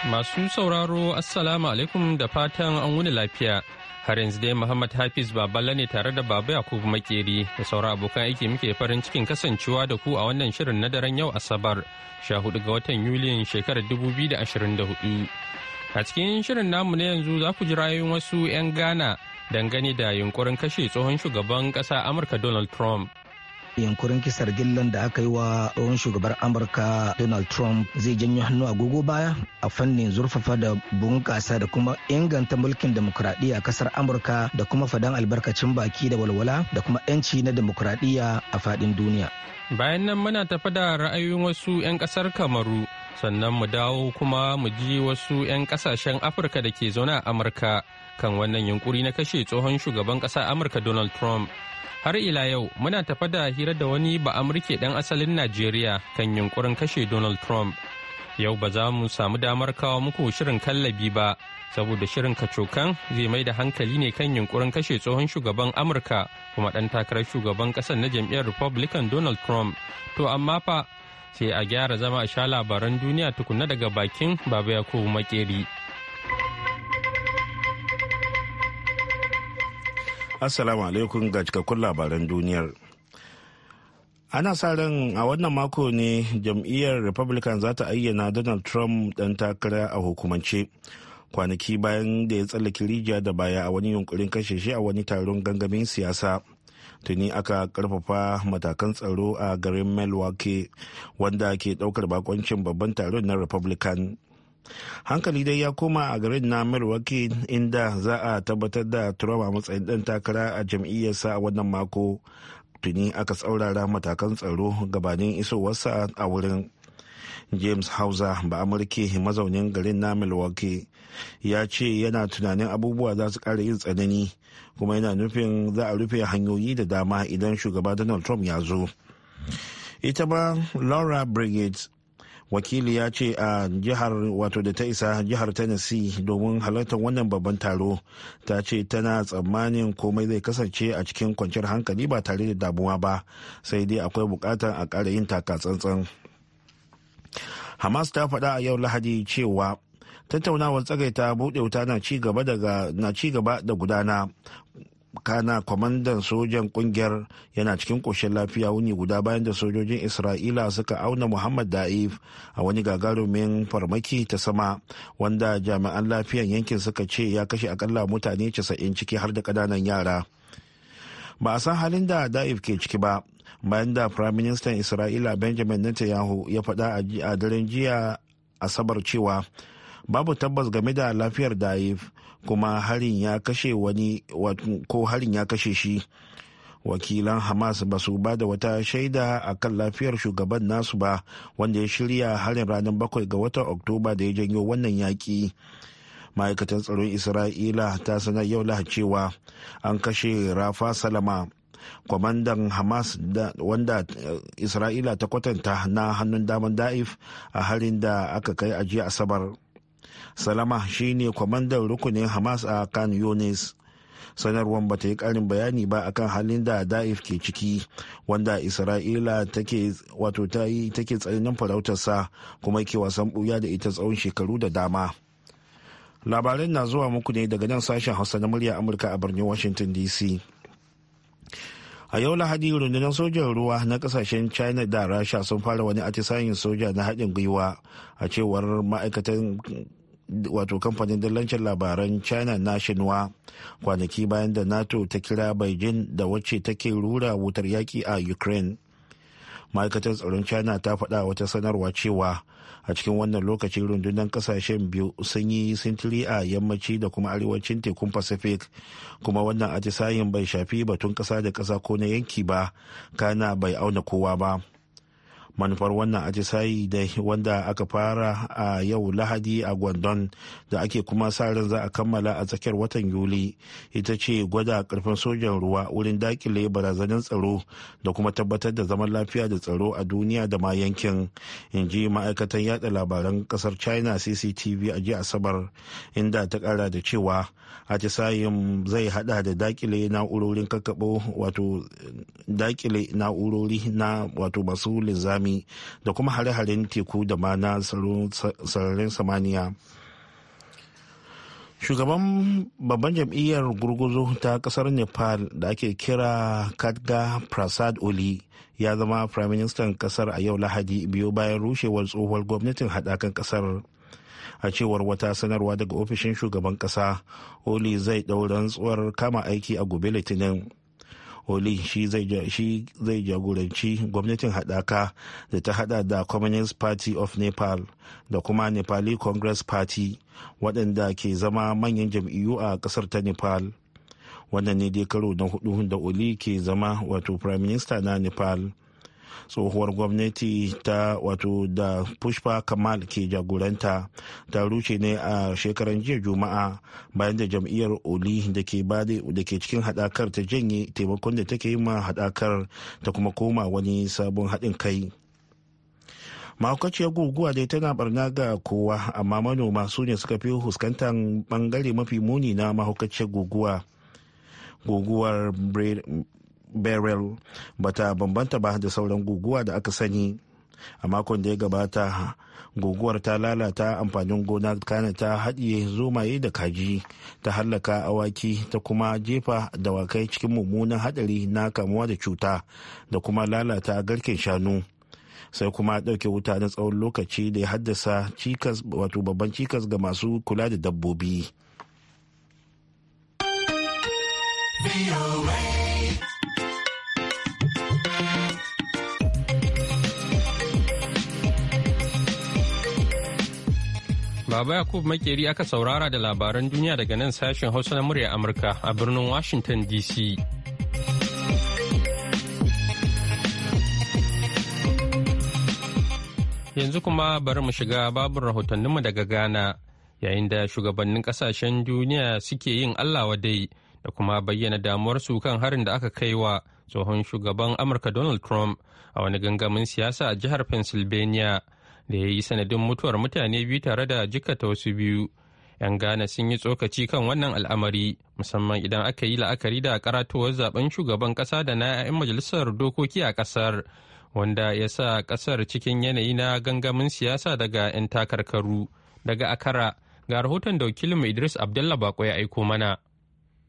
Masu sauraro Assalamu alaikum da fatan an wuni lafiya. Har yanzu dai Muhammad Hafiz Baballa ne tare da Baba Yakubu Makeri da sauran abokan aiki muke farin cikin kasancewa da ku a wannan shirin na daren yau Asabar 14 ga watan Yuliyan shekarar 2024. A cikin shirin namu na yanzu za ku ji rayuwar wasu 'yan Ghana dangane da yunkurin kashe tsohon shugaban ƙasa Amurka Donald Trump. yankurin kisar gillan da aka yi wa tsohon shugabar amurka donald trump zai janyo hannu agogo baya a fannin zurfafa da bunƙasa da kuma inganta mulkin demokuraɗiyya a kasar amurka da kuma fadan albarkacin baki da walwala da kuma 'yanci na demokuraɗiyya a faɗin duniya bayan nan muna tafi da ra'ayoyin wasu 'yan kasar kamaru sannan mu dawo kuma mu ji wasu 'yan kasashen afirka da ke zaune a amurka kan wannan yunkuri na kashe tsohon shugaban ƙasa amurka donald trump Har ila yau muna tafa da hira da wani ba Amurke ɗan asalin Najeriya kan yunkurin kashe Donald Trump. Yau ba za mu samu damar kawo muku shirin kallabi ba, saboda shirin kacokan zai mai da hankali ne kan yunkurin kashe tsohon shugaban Amurka kuma dan takarar shugaban ƙasar na jam'iyyar Republican Donald Trump. To amma fa sai a gyara zama a sha labaran duniya tukuna daga bakin Baba Yakubu Makeri. Assalamu alaikum ga cikakkun labaran duniyar. Ana sa ran a wannan mako ne jam'iyyar Republican za ta ayyana Donald Trump ɗan takara a hukumance. Kwanaki bayan da ya tsallake rijiya da baya a wani yunkurin kashe shi a wani taron gangamin siyasa. Tuni aka karfafa matakan tsaro a garin Milwaukee wanda ke ɗaukar bakoncin babban taron na Republican. hankali dai ya koma a garin na milwaukee inda za a tabbatar da trump a matsayin ɗan takara a jam'iyyarsa a wannan mako tuni aka tsaurara matakan tsaro gabanin isowarsa a wurin james hauser ba amurke mazaunin garin na milwaukee ya ce yana tunanin abubuwa za su ƙara yin tsanani kuma yana nufin za a rufe hanyoyi da dama idan shugaba donald trump ya zo ita ba laura brigade wakili ya ce a jihar wato da ta isa jihar tennessee domin halartar wannan babban taro ta ce tana tsammanin komai zai kasance a cikin kwanciyar hankali ba tare da damuwa ba sai dai akwai bukatar a ƙara yin takatsantsan hamas ta faɗa a yau lahadi cewa tattaunawar tsagaita buɗe wuta na ci gaba da gudana kana kwamandan sojan kungiyar yana cikin koshin lafiya wuni guda bayan da sojojin isra'ila suka auna muhammad da'if a wani gagarumin farmaki ta sama wanda jami'an lafiyan yankin suka ce ya kashe akalla mutane 90 ciki har da kananan yara ba a san halin da da'if ke ciki ba bayan da firaministan isra'ila benjamin netanyahu ya faɗa a daren jiya asabar cewa babu tabbas game da lafiyar daif kuma harin ya kashe wani ko harin ya kashe shi wakilan hamas ba su ba da wata shaida a kan lafiyar shugaban nasu ba wanda ya shirya harin ranar bakwai ga watan oktoba da ya janyo wannan yaƙi ma'aikatan tsaron isra'ila ta sanar yau lahad cewa an kashe rafa salama kwamandan hamas da, wanda eh, isra'ila ta kwatanta na hannun daman da'if a harin da aka kai a jiya asabar salama shine kwamandan rukunin hamas a kan yunis sanarwar bata yi karin bayani ba akan halin da da'if ke ciki wanda isra'ila take wato ta yi take tsananin farautarsa kuma ke wasan buya da ita tsawon shekaru da dama labarin na zuwa muku ne daga nan sashen hausa na murya amurka a birnin washington dc a yau lahadi rundunar sojan ruwa na kasashen china da rasha sun fara wani atisayin soja na haɗin gwiwa a cewar ma'aikatan wato kamfanin dillancin labaran china na shinwa kwanaki bayan da nato ta kira beijing da wacce take rura wutar yaki a ukraine ma'aikatar tsaron china ta faɗa wata sanarwa cewa a cikin wannan lokaci rundunar kasashen biyu sun yi sintiri a yammaci da kuma arewacin tekun pacific kuma wannan atisayin bai shafi batun ƙasa da ƙasa ko na yanki ba kana bai auna kowa ba manufar wannan atisayi da wanda aka fara a yau lahadi a gwandon da ake kuma sa ran za a kammala a tsakiyar watan yuli ita ce gwada karfin sojan ruwa wurin dakile barazanin tsaro da kuma tabbatar da zaman lafiya da tsaro a duniya da ma yankin in ji ma'aikatan yada labaran kasar china cctv a jiya asabar inda ta kara da cewa atisayin zai hada da dakile na'urorin kakkaɓo wato dakile na'urori na wato masu linzami makami da kuma hare-haren teku da ma na sararin samaniya shugaban babban jam'iyyar gurguzu ta kasar nepal da ake kira kadga prasad oli ya zama prime minister kasar a yau lahadi biyu bayan rushewar tsohuwar gwamnatin haɗakan kasar a cewar wata sanarwa daga ofishin shugaban kasa oli zai ɗau rantsuwar kama aiki a gobe litinin oli shi zai jagoranci gwamnatin haɗaka da ta haɗa da communist party of nepal da kuma nepali congress party waɗanda ke zama manyan jam'iyyu a ƙasar ta nepal wannan ne dai karo na hudu da oli ke zama wato prime minister na nepal tsohuwar gwamnati ta wato da pushpa kamal ke jagoranta ta ruce ne a shekaran jiya juma'a bayan da jam'iyyar oli da ke cikin hadakar ta janye taimakon da take yi ma hadakar ta kuma koma wani sabon haɗin kai mahaukaciyar guguwa dai tana barna ga kowa amma manoma su ne suka fi fuskantar bangare mafi muni na mahaukaciyar guguwa guguwar beryl bata bambanta ba da sauran guguwa da aka sani a makon da ya gabata guguwar ta lalata amfanin gona kana ta haɗiye zomaye da kaji ta hallaka awaki ta kuma jefa dawakai cikin mummunan haɗari na kamuwa da cuta da kuma lalata garken shanu sai kuma ɗauke wuta na tsawon lokaci da ya haddasa cikas wato babban cikas ga masu kula da dabbobi. Baba Yakub Makeri aka saurara da labaran duniya daga nan sashen Hausa na murya Amurka a birnin Washington DC. Yanzu kuma bari mu shiga babin rahotanninmu daga Ghana yayin da shugabannin kasashen duniya suke yin Allah dai da kuma bayyana damuwarsu kan harin da aka kai wa tsohon shugaban Amurka Donald Trump a wani gangamin siyasa a jihar Pennsylvania. da ya yi sanadin mutuwar mutane biyu tare da jikata wasu biyu 'yan ghana sun yi tsokaci kan wannan al'amari musamman idan aka yi la'akari da karatuwar zaben shugaban kasa da na 'ya'yan majalisar dokoki a kasar wanda ya sa kasar cikin yanayi na gangamin siyasa daga 'yan takarkaru daga akara ga rahoton da wakilinmu idris abdullah bako ya aiko mana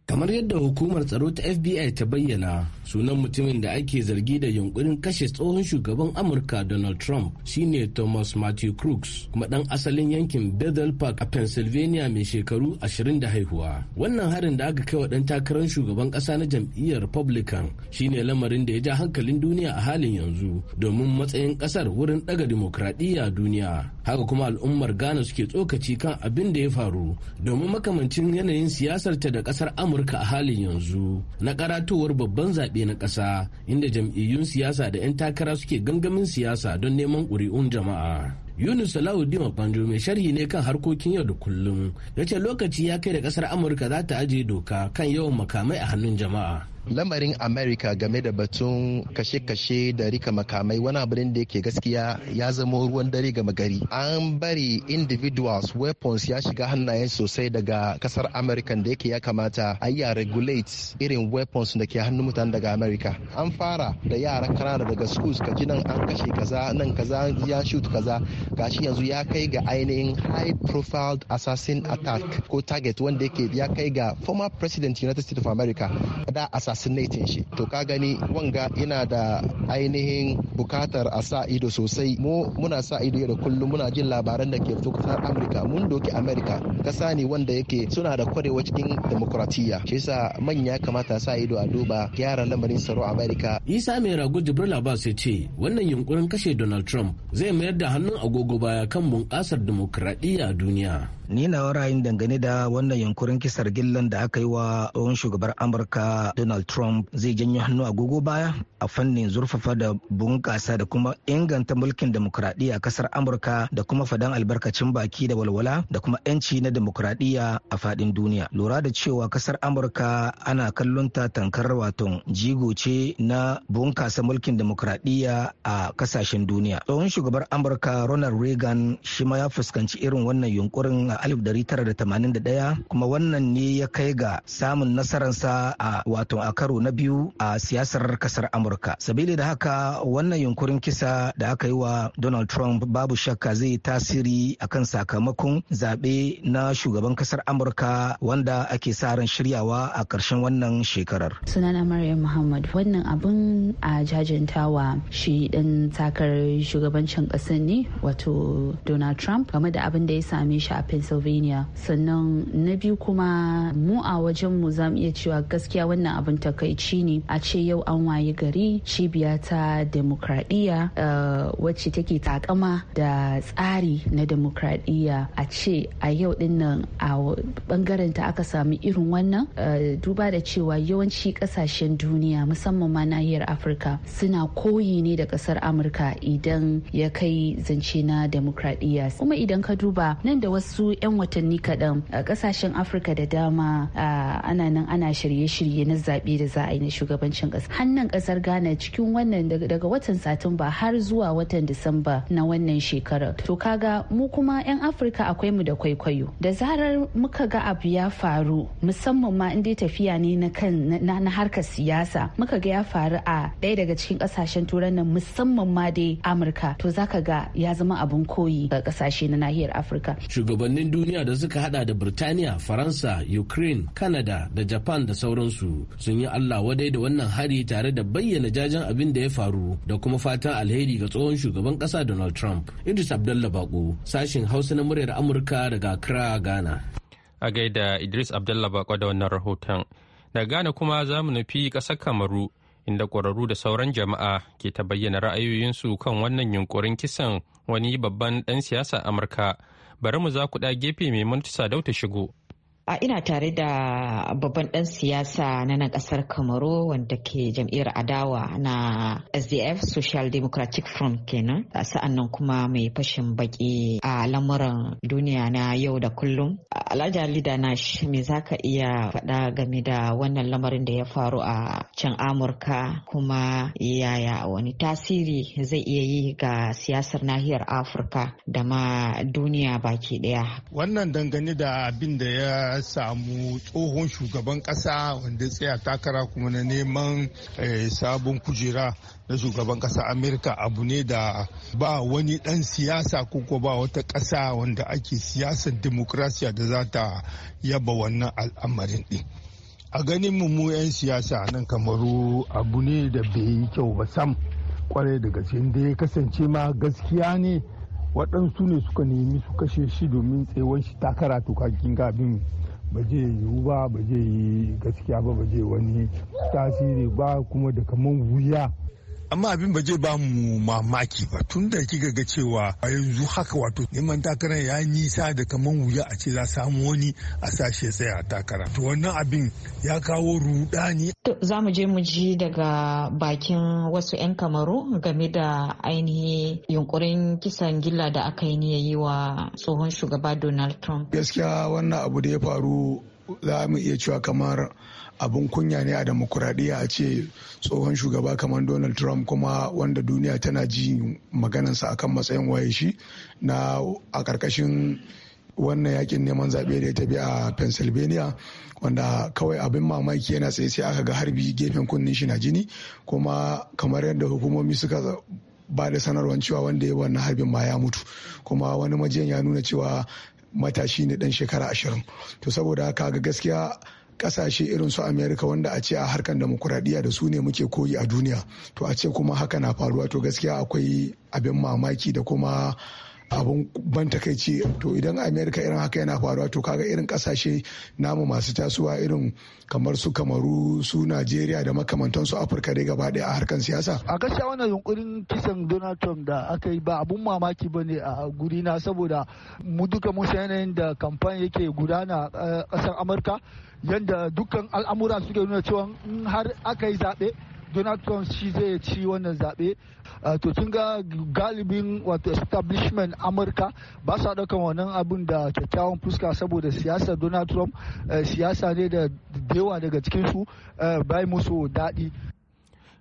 kamar yadda hukumar tsaro ta fbi ta bayyana sunan mutumin da ake zargi da yunkurin kashe tsohon shugaban amurka donald trump shine thomas matthew crooks kuma dan asalin yankin bethel park a pennsylvania mai shekaru 20 da haihuwa wannan harin da aka kai wa dan takarar shugaban kasa na jam'iyyar republican shine lamarin da ya ja hankalin duniya a halin yanzu domin matsayin kasar wurin daga dimokuraɗiyya duniya haka kuma al'ummar ghana suke tsokaci kan abin da ya faru domin makamancin yanayin siyasar ta da kasar amurka amurka a halin yanzu na karatowar babban zaɓe na ƙasa inda jam'iyyun siyasa da 'yan takara suke gangamin siyasa don neman ƙuri'un jama'a Yunus dima Banjo mai sharhi ne kan harkokin yau da kullum ya ce lokaci ya kai da kasar Amurka za ta ajiye doka kan yawan makamai a hannun jama'a. lamarin america game da batun kashe-kashe da rika makamai wani abin da yake gaskiya ya zama ruwan dare gama gari an bari individuals weapons ya shiga hannayen sosai daga kasar america da yake ya kamata a yi regulate irin weapons da ke hannun mutane daga america an fara da yara kanada daga schools ka ji nan an kashe kaza nan kaza ya shoot kaza gashi yanzu ya kai ga ainihin high profile assassin attack ko target wanda yake ya kai ga former president united states of america da assassinating shi to ka gani wanga yana da ainihin bukatar a sa ido sosai mu muna sa ido da kullum muna jin labaran da ke fito kasar mun doki america kasa ne wanda yake suna da kwarewa cikin demokratiya shi yasa manya kamata sa ido a duba gyara lamarin tsaro america isa mai ragu jibril abbas ya ce wannan yunkurin kashe donald trump zai mayar da hannun a agogo baya kan bunƙasar dimokuraɗiyya a duniya. Ni na ra'ayin dangane da wannan yankurin kisar gillan da aka yi wa tsohon shugabar Amurka Donald Trump zai janyo hannu agogo baya a fannin zurfafa da bunƙasa da kuma inganta mulkin dimokuraɗiyya a kasar Amurka da kuma fadan albarkacin baki da walwala da kuma 'yanci na dimokuraɗiyya a faɗin duniya. Lura da cewa kasar Amurka ana kallon ta tankar wato jigo ce na bunƙasa mulkin dimokuraɗiyya a kasashen duniya. Tsohon shugabar Amurka Ronald ronald reagan shi ma ya fuskanci irin wannan yunkurin a 1981 kuma wannan ne ya kai ga samun nasararsa a wato a karo na biyu a siyasar kasar amurka sabili da haka wannan yunkurin kisa da aka yi wa donald trump babu shakka zai tasiri akan sakamakon zaɓe na shugaban kasar amurka wanda ake sa ran shiryawa a ƙarshen wannan shekarar sunana maryam muhammad wannan abun a jajantawa shi ɗan takarar shugabancin ƙasar ne wato donald trump game da abin da ya same shi a pennsylvania sannan na biyu kuma mu a wajen mu za mu iya cewa gaskiya wannan abin takaici ne a ce yau an waye gari cibiya ta demokradiyya eh, wacce take takama da tsari na demokradiyya a ce a yau din nan a bangaren ta aka sami irin wannan eh, duba da cewa yawanci kasashen duniya musamman ma nahiyar afirka suna koyi ne da kasar amurka idan ya kai zance na demokradiyya kuma idan ka duba nan da wasu 'yan watanni kaɗan a ƙasashen afirka da dama ana nan ana shirye-shirye na zaɓe da za a yi na shugabancin ƙasa hannun ƙasar ghana cikin wannan daga watan satumba har zuwa watan disamba na wannan shekarar to kaga mu kuma 'yan afirka akwai mu da kwaikwayo da zarar muka ga abu ya faru musamman ma inda tafiya ne na kan na harkar siyasa muka ga ya faru a ɗaya daga cikin ƙasashen turai nan musamman ma dai amurka to zaka ga ya zama zama abin koyi ga kasashe na nahiyar afirka shugabannin duniya da suka hada da birtaniya faransa ukraine canada da japan da sauransu sun yi allah wadai da wannan hari tare da bayyana jajen abin da ya faru da kuma fatan alheri ga tsohon shugaban kasa donald trump idris abdullah bako sashin hausa na muryar amurka daga accra ghana a gaida idris abdullah bako da wannan rahoton daga ghana kuma za mu nufi ƙasar kamaru inda ƙwararru da sauran jama'a ke ta bayyana ra'ayoyinsu kan wannan yunkurin kisan wani babban ɗan siyasa amurka bari mu za ku ɗa gefe mai mantusa sadauta shigo a ina tare da babban ɗan siyasa na nan kasar kamaru wanda ke jam'iyyar adawa na sdf social democratic front kenan sa'an nan kuma mai fashin baki a lamuran duniya na yau da kullum alhaji na shi me za ka iya faɗa game da wannan lamarin da ya faru a can amurka kuma yaya wani tasiri zai iya yi ga siyasar nahiyar afirka da ma duniya baki ɗaya wannan dangane da abin da ya ya samu tsohon shugaban kasa wanda tsaya takara kuma na neman eh, sabon kujera na shugaban kasa amerika abu ne da ba wani dan siyasa ko ba wata kasa wanda ake siyasar demokrasiya da za ta yaba wannan al'amarin din a ganin mu 'yan siyasa nan kamaru abu ne da bai yi kyau ba sam kwarai da gaske da ya kasance ma gaskiya ne waɗansu ne suka nemi su kashe shi domin tsewon shi takara to kakin abin ba zai yiwu ba ba zai yi gaskiya ba ba zai wani tasiri ba kuma da kaman wuya amma abin ba zai ba mu mamaki ba tun da kika ga cewa a yanzu haka wato neman takara ya nisa da kaman wuya a ce za samu wani a sashe tsaya a takara to wannan abin ya kawo rudani za mu je mu ji daga bakin wasu 'yan kamaru game da ainihin yunkurin kisan gilla da aka yi yayi wa tsohon shugaba donald trump gaskiya wannan abu da ya faru za mu iya cewa kamar abin kunya ne a demokuraɗiyya a ce tsohon shugaba kamar donald trump kuma wanda duniya tana ji maganansa akan matsayin waye shi na a ƙarƙashin wannan yakin neman zaɓe da ya tafi a pennsylvania wanda kawai abin mamaki yana tsaye sai aka ga harbi gefen kunnen shi na jini kuma kamar yadda hukumomi suka ba da sanarwar cewa wanda ya wannan harbin ma ya mutu kuma wani majiyan ya nuna cewa matashi ne dan shekara ashirin to saboda haka ga gaskiya kasashe irin su america wanda a ce a harkan demokuraɗiyya da su ne muke koyi a duniya to a ce kuma haka na faruwa to gaskiya akwai abin mamaki da kuma abun ban takaici to idan america irin haka yana faruwa to kaga irin kasashe namu masu tasowa irin kamar su kamaru su najeriya da makamantansu afirka dai gaba daya a harkar siyasa a gaskiya wannan yunkurin kisan donald trump da aka yi ba abun mamaki ba ne a guri na saboda mu duka mun yanayin da kamfan yake gudana a kasar amurka yadda dukkan al'amura suke nuna cewa in har aka yi zaɓe donald trump shi zai ci wannan zaɓe to tun ga galibin wato establishment amurka ba sa ɗaukan wannan abin da kyakkyawan fuska saboda siyasar donald trump eh, siyasa ne da dewa daga cikinsu eh, bai musu daɗi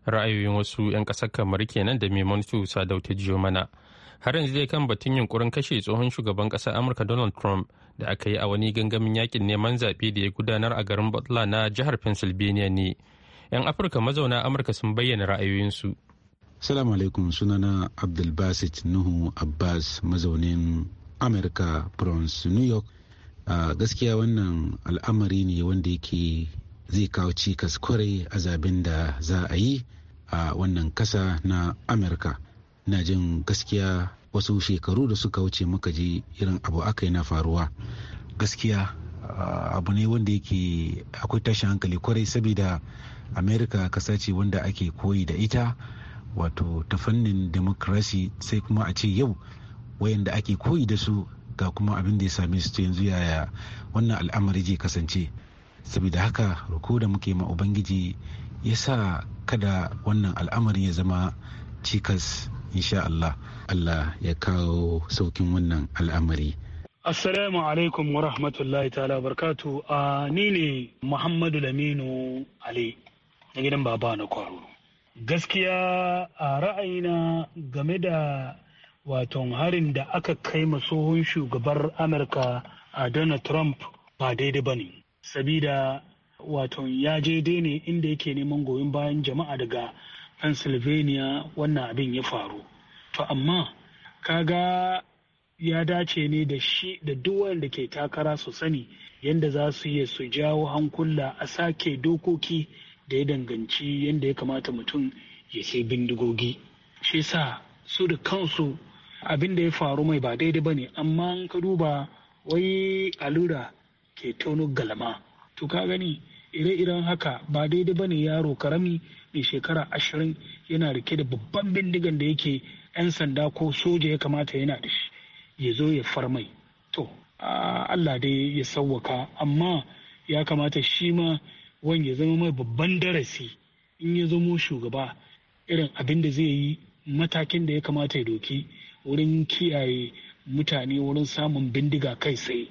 ra'ayoyin wasu 'yan ƙasar kamar kenan da maimontu sadauta jiyo mana har yanzu zai kan batun yunkurin kashe tsohon shugaban ƙasar amurka donald trump da aka yi a wani gangamin yakin neman zaɓe da ya gudanar a garin Butler na jihar Pennsylvania ne. 'Yan Afirka mazauna Amurka sun bayyana ra'ayoyinsu. Salamu alaikum sunana Abdulbasit Nuhu Abbas mazaunin Amurka, Bronx, New York. gaskiya wannan al'amari ne wanda yake zai kawo cikas kwarai a zaben da za a yi a wannan kasa na amurka na jin gaskiya wasu shekaru da suka wuce muka je irin abu aka yi na faruwa gaskiya ah, abu ne wanda yake akwai tashin hankali kwarai saboda Amerika kasa ce wanda ake koyi da ita wato ta fannin demokrasi sai kuma a ce yau wayanda ake koyi da su ga kuma abin da ya same su yanzu yaya wannan al'amari je kasance saboda haka roko da muke ma ubangiji ya sa kada wannan al'amarin ya zama cikas insha Allah Allah ya kawo saukin wannan al'amari Assalamu alaikum wa rahmatullahi ta'ala barkatu a ni ne Muhammadu Laminu Ali na gidan baba na kwaro. Gaskiya a ra'ayina game da waton harin da aka kai masohon shugabar Amurka a Donald Trump ba daidai ba ne. Sabida waton ya je ne inda yake neman goyon bayan jama'a daga pennsylvania wannan abin ya faru to amma kaga ya dace ne da shi da duk wanda ke takara su sani yadda za su iya su jawo hankula a sake dokoki da ya danganci yadda ya kamata mutum ya sai bindigogi shi sa su da kansu abin da ya faru mai ba daidai ba ne amma ka duba wai alura ke tono galama to ka gani ire-iren haka ba daidai bane yaro karami mai shekara ashirin yana rike da babban bindigan da yake 'yan sanda ko soja ya kamata yana da shi ya zo ya farmai to allah dai ya sauwaka amma ya kamata shi ma wani ya zama mai babban darasi in ya zamo shugaba irin abin da zai yi matakin da ya kamata ya doki wurin kiyaye mutane wurin samun bindiga kai sai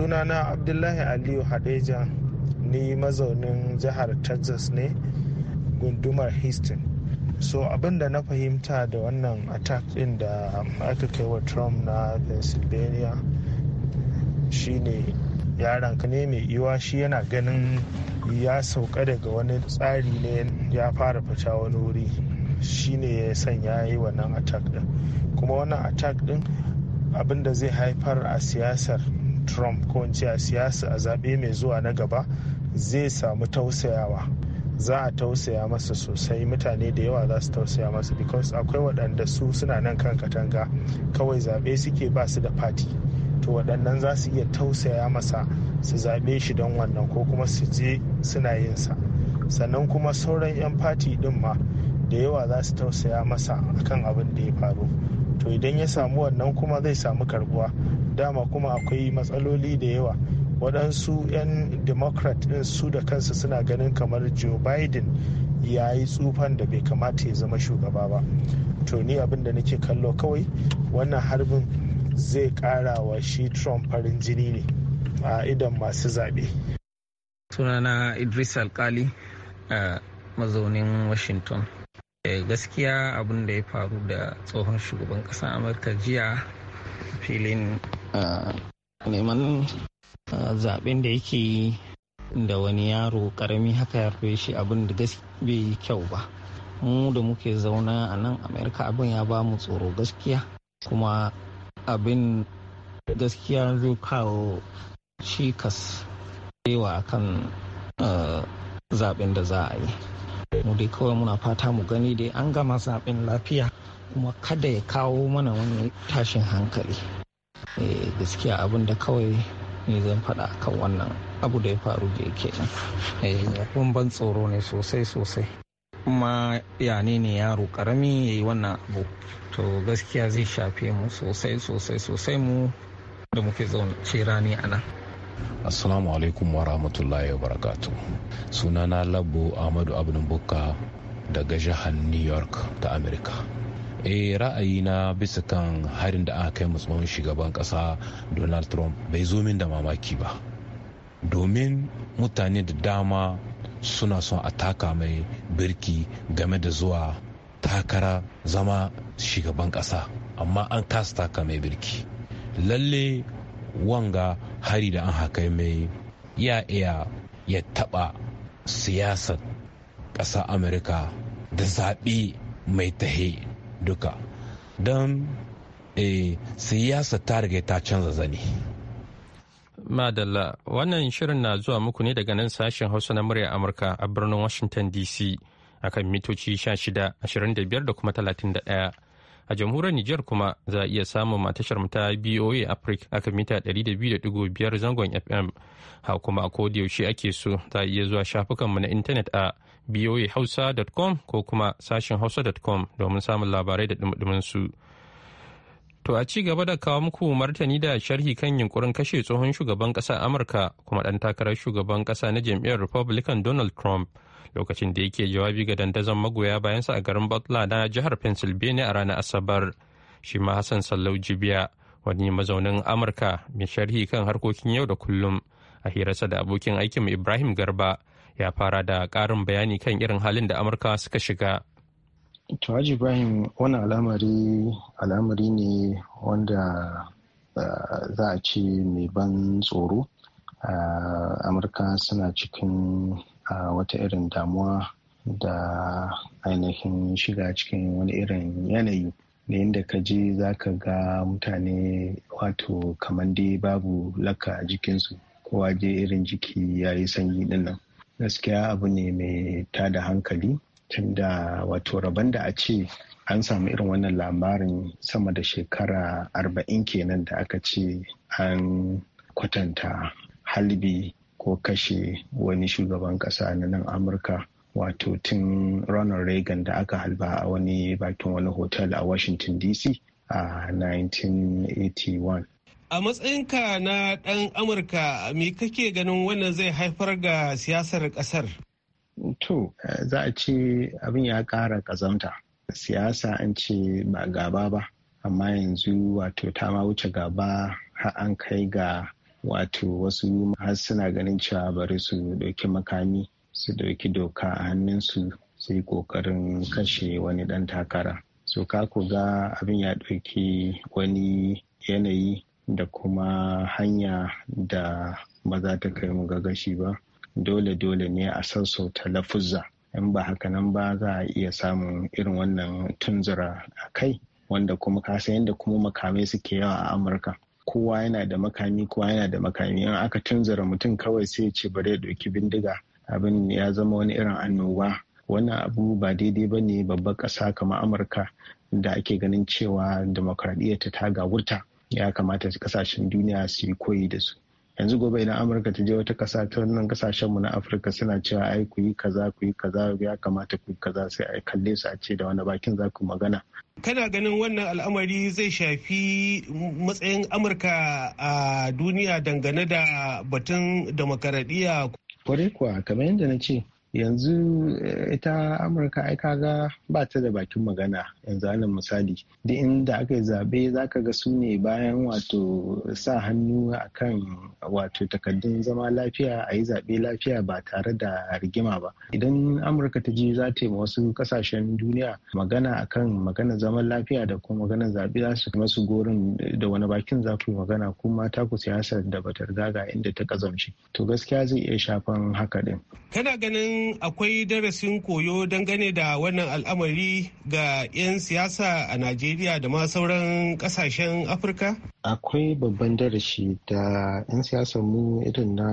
sunana abdullahi aliyu hadeja ni mazaunin jihar texas ne gundumar houston so abinda na fahimta da wannan attack din da aka kai wa trump na pennsylvania shine yaran ka ne mai iwa shi yana ganin ya sauka daga wani tsari ne ya fara fita wani wuri shi ne ya sanya yi wannan attack din kuma wannan attack din abinda zai haifar a siyasar trump ko a siyasa a zaɓe mai zuwa na gaba zai samu tausayawa za a tausaya masa sosai mutane da yawa za su tausaya masa because akwai waɗanda su suna nan kan katanga kawai zaɓe suke ba su da fati to waɗannan za su iya tausaya masa su zaɓe shi don wannan ko kuma su je suna yin sa sannan kuma sauran 'yan fati ɗin ma da yawa za su tausaya masa akan abin da ya faru to idan ya samu wannan kuma zai samu karbuwa dama kuma akwai matsaloli da yawa waɗansu 'yan democrat ɗin su da kansu suna ganin kamar joe biden ya yi tsufan da bai kamata ya zama shugaba ba to ni abin da nake kallo kawai wannan harbin zai ƙara wa shi trump farin jini ne a idan masu zaɓe sunana idris alkali a mazaunin washington eh, gaskiya abin da ya faru da tsohon shugaban ƙasar amurka jiya filin neman zaben da yake yi da wani yaro karami haka ya rufe shi abin da gaske yi kyau ba mu da muke zauna a nan amerika abin ya ba mu tsoro gaskiya kuma abin gaskiya zai kawo cikas yawa kan zaben da za a yi mu dai kawai muna fata mu gani dai an gama zaben lafiya kuma kada ya kawo mana wani tashin hankali eh, gaskiya abin da kawai ne zan faɗa kan wannan abu da ya faru da yake nan eh, ban tsoro ne sosai sosai kuma ya ne yaro karami ya yi wannan abu to gaskiya zai shafe mu sosai sosai sosai mu da muke zaune rani a nan assalamu alaikum wa rahmatullahi wa barakatu sunana labo ahmadu abdul bukka daga jihar new york ta america eh ra'ayi na bisa kan harin da aka kai musamman shugaban kasa donald trump bai zo min da mamaki ba domin mutane da dama suna son a taka mai birki game da zuwa takara zama shugaban kasa amma an kasa taka mai birki lalle wanga hari da an haka mai ya iya ya taba siyasar ƙasa amurka da zaɓe mai tahe duka don eh, siyasa ta riga ta canza zane madalla wannan shirin na zuwa muku ne daga nan sashen hausa na murya amurka a birnin washington dc akan mitoci 16 da kuma 31 a jamhuriyar Nijar kuma za a iya samun matashar ta BOA Africa aka mita 200.5 zangon FM ha kuma a yaushe ake so za a iya zuwa shafukanmu na intanet a voahausa.com ko kuma sashen hausa.com domin samun labarai da ɗumɗumin su. To a ci gaba da kawo muku martani da sharhi kan yunkurin kashe tsohon shugaban ƙasa Amurka kuma ɗan takarar shugaban ƙasa na jam'iyyar Republican Donald Trump lokacin da yake jawabi ga dandazon magoya bayan sa a garin Butler na jihar Pennsylvania a ranar Asabar. Shi ma Hassan Sallau Jibiya wani mazaunin Amurka mai sharhi kan harkokin yau da kullum a hirarsa da abokin aikin Ibrahim Garba ya fara da ƙarin bayani kan irin halin da amurka suka shiga to haji ibrahim wani al'amari al'amari ne wanda za a ce mai ban tsoro amurka suna cikin wata irin damuwa da ainihin shiga cikin wani irin yanayi da yadda ka je za ka ga mutane wato kamar dai babu laka a jikinsu kowa je irin jiki ya yi sanyi dinnan gaskiya abu ne mai tada hankali tunda wato rabon da a ce an samu irin wannan labarin sama da shekara arba'in kenan da aka ce an kwatanta halbi ko kashe wani shugaban kasa na nan amurka wato tun ronald reagan da aka halba a wani bakin wani hotel a washington dc a 1981 a matsayinka na ɗan amurka me kake ganin wannan zai haifar ga siyasar ƙasar to za a ce abin ya ƙara ƙazamta siyasa an ce ba gaba ba amma yanzu wato ta ma wuce gaba har an kai ga wato wasu har suna ganin cewa bari su ɗauki makami su ɗauki doka a hannunsu su yi ƙoƙarin kashe wani ɗan takara so ka ga abin ya ɗauki wani yanayi da kuma hanya da ba za ta kai mu gagashi ba dole dole ne a sassauta lafuzza in ba haka nan ba za a iya samun irin wannan tunzura a kai wanda kuma kasa yadda kuma makamai suke yawa a amurka kowa yana da makami kowa yana da makami in aka tunzura mutum kawai sai ce bari ya ɗauki bindiga abin ya zama wani irin annoba wannan abu ba daidai ba ne babbar ƙasa kamar amurka da ake ganin cewa demokradiyyar ta wuta ya kamata kasashen duniya su yi koyi da su yanzu gobe idan amurka ta je wata kasa ta nan kasashen mu na afirka suna cewa ai ku yi kaza ku yi kaza ya kamata ku yi kaza sai a kalle su a ce da wani bakin za ku magana kana ganin wannan al'amari zai shafi matsayin amurka a duniya dangane da batun demokaradiyya kwarai kuwa kamar yadda na ce yanzu eh, ita amurka ai kaga ba ta da bakin magana yanzu anan misali da inda aka yi zaɓe za ka ga su ne bayan wato sa hannu akan wato takaddun zama lafiya a yi zaɓe lafiya ba tare da rigima ba idan amurka ta je za ta yi wasu ƙasashen duniya magana akan magana zaman lafiya da kuma magana zaɓe za su masu gorin da wani bakin za ku magana kuma ta ku siyasar da ba ta riga inda ta kazamci to gaskiya zai iya shafan haka din kana ganin akwai darasin koyo dangane da wannan al'amari ga 'yan siyasa a najeriya da ma sauran kasashen afirka akwai babban darasi da 'yan siyasar mu irin na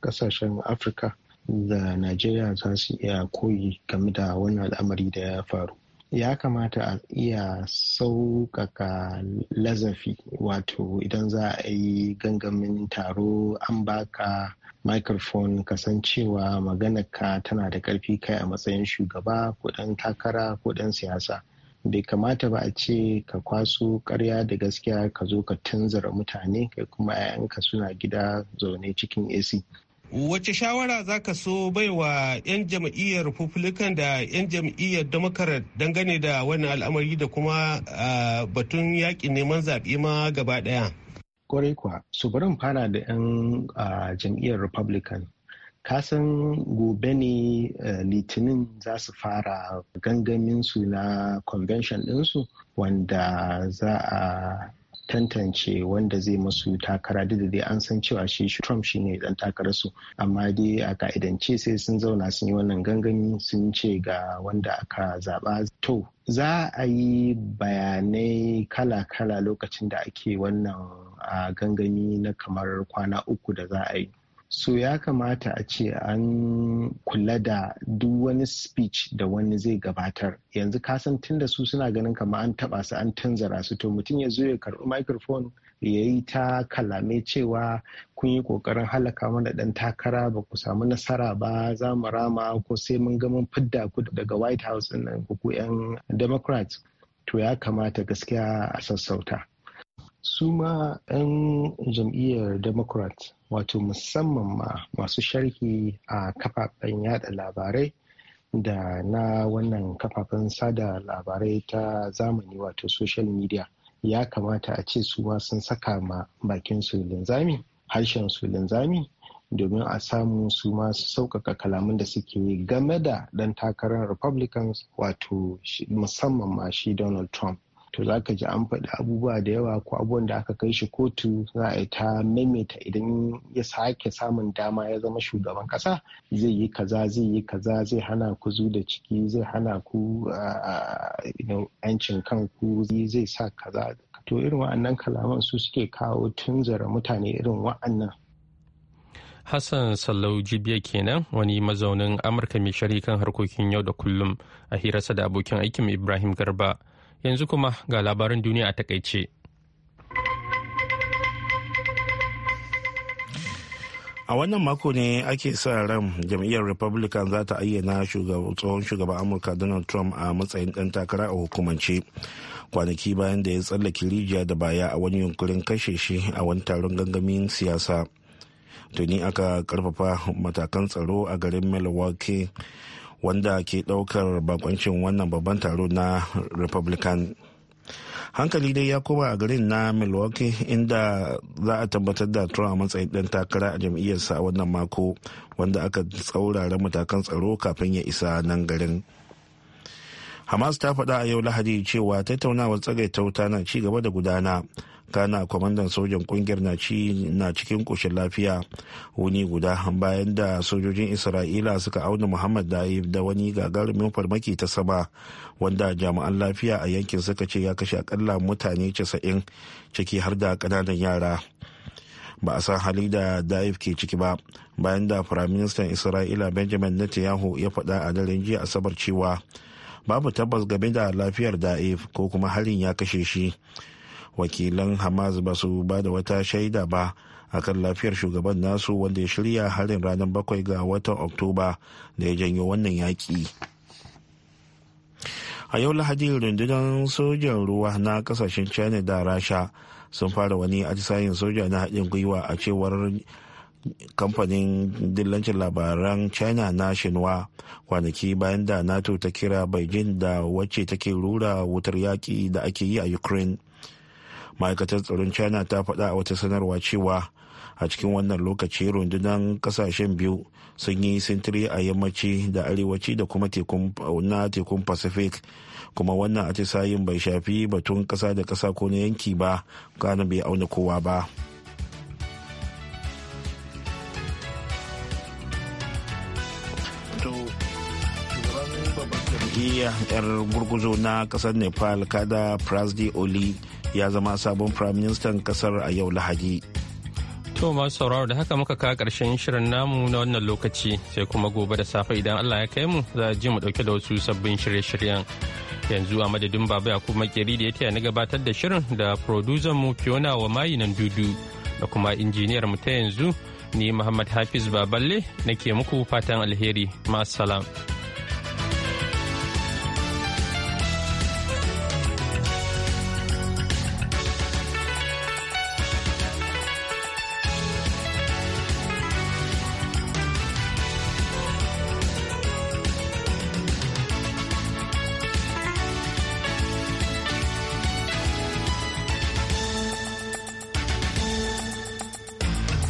kasashen afirka da najeriya za su iya koyi game da wannan al'amari da ya faru ya kamata a iya sauƙaƙa lazafi wato idan za a yi gangamin taro an baka microphone kasancewa ka tana da ƙarfi kai a matsayin shugaba ko ɗan takara ko ɗan siyasa bai kamata ba a ce ka kwaso karya da gaskiya ka zo ka tunzura mutane kai kuma 'ya'yanka suna gida zaune cikin ac Wace shawara za ka so baiwa 'yan jam'iyyar Republican da 'yan jam'iyyar Democrat dangane da wannan al'amari da kuma batun yakin neman zaɓe ma gaba ɗaya? Kwarai kuwa, su bari fara da 'yan jam'iyyar Republican. Kasan gobe ne litinin za su fara gangaminsu na convention ɗinsu wanda za a tantance wanda zai masu takara duk da dai an san cewa shi Trump shine dan takararsu amma dai a ka'idance sai sun zauna sun yi wannan gangami sun ce ga wanda aka zaba to za a yi bayanai kala-kala lokacin da ake wannan a gangami na kamar kwana uku da za a yi so ya kamata a ce an kula da duk wani speech da wani zai gabatar yanzu kasan tun da su suna ganin kama an taba su an tanzara su to mutum ya zo ya karbi microphone ya yi ta kalame cewa kun yi kokarin halaka mana dan takara ba ku samu nasara ba za mu rama ko sai mun ga mun fidda ku daga white house nan ku yan democrats to ya kamata gaskiya a sassauta su ma 'yan jam'iyyar democrat wato musamman ma masu sharhi a kafafen yada labarai da na wannan kafafen sada labarai ta zamani wato social media ya kamata a ce su ma sun saka ma bakin su linzami harshen su linzami domin a samu su ma su sauƙaƙa kalaman da suke game da ɗan takarar republicans wato musamman ma shi donald trump to za ka ji an faɗi abubuwa da yawa ko abubuwan da aka kai shi kotu za a yi ta maimaita idan ya sake samun dama ya zama shugaban ƙasa zai yi kaza zai yi kaza zai hana ku zu da ciki zai hana ku yancin kanku zai sa kaza to irin wa'annan kalaman su suke kawo tunzara mutane irin wa'annan Hassan Sallau Jibiya kenan wani mazaunin Amurka mai shari kan harkokin yau da kullum a hirarsa da abokin aikin Ibrahim Garba. yanzu kuma ga labarin duniya a takaice. a wannan mako ne ake sa ran jam'iyyar republican za ta ayyana tsohon shugaban amurka donald trump a matsayin ɗan takara a hukumance kwanaki bayan da ya tsallake rijiya da baya a wani yunkurin kashe shi a wani taron gangamin siyasa tuni aka karfafa matakan tsaro a garin milwaukee wanda ke daukar bakoncin wannan babban taro na republican hankali dai ya koma a garin na milwaukee inda za a tabbatar da trump a matsayin dan takara a jam'iyyarsa a wannan mako wanda aka tsaurara matakan tsaro kafin ya isa nan garin hamas ta faɗa a yau lahadi cewa tattaunawar tsagaita wuta na ci gaba da gudana kana kwamandan sojan kungiyar na cikin koshin lafiya wuni guda bayan da sojojin isra'ila suka auna muhammad da'if da wani gagarumin farmaki ta sama wanda jami'an lafiya a yankin suka ce ya kashe akalla mutane 90 ciki har da kananan yara ba a san hali da daif ke ciki ba bayan da firaministan isra'ila benjamin netanyahu ya faɗa a daren jiya asabar cewa babu tabbas game da lafiyar da'if ko kuma harin ya kashe shi wakilan hamas ba su ba da wata shaida ba akan lafiyar shugaban nasu wanda ya shirya harin ranar bakwai ga watan oktoba da ya janyo wannan yaƙi a yau lahadi rundunar sojan ruwa na kasashen china da rasha sun fara wani atisayin soja na haɗin gwiwa a cewar kamfanin dillancin labaran china na shinwa kwanaki bayan da nato ta kira beijing da wacce take rura wutar yaƙi da ake yi a ukraine ma'aikatar tsaron china ta faɗa a wata sanarwa cewa a cikin wannan lokaci rundunar kasashen biyu sun yi sintiri a yammaci da arewaci da kuma na tekun pacific kuma wannan atisayin bai shafi batun kasa da kasa ko na yanki ba gane bai auna kowa ba 'yar gurguzo na kasar nepal kada prasdi oli ya zama sabon firaministan kasar a yau lahadi To masu sauraro da haka muka kawo ƙarshen shirin namu na wannan lokaci sai kuma gobe da safe idan Allah ya kai mu za ji mu ɗauke da wasu sabbin shirye-shiryen. Yanzu a madadin Baba kuma Makeri da ya taya na gabatar da shirin da producer mu Fiona wa mayi nan dudu da kuma injiniyar mu ta yanzu ni Muhammad Hafiz Baballe nake muku fatan alheri. Masu salam.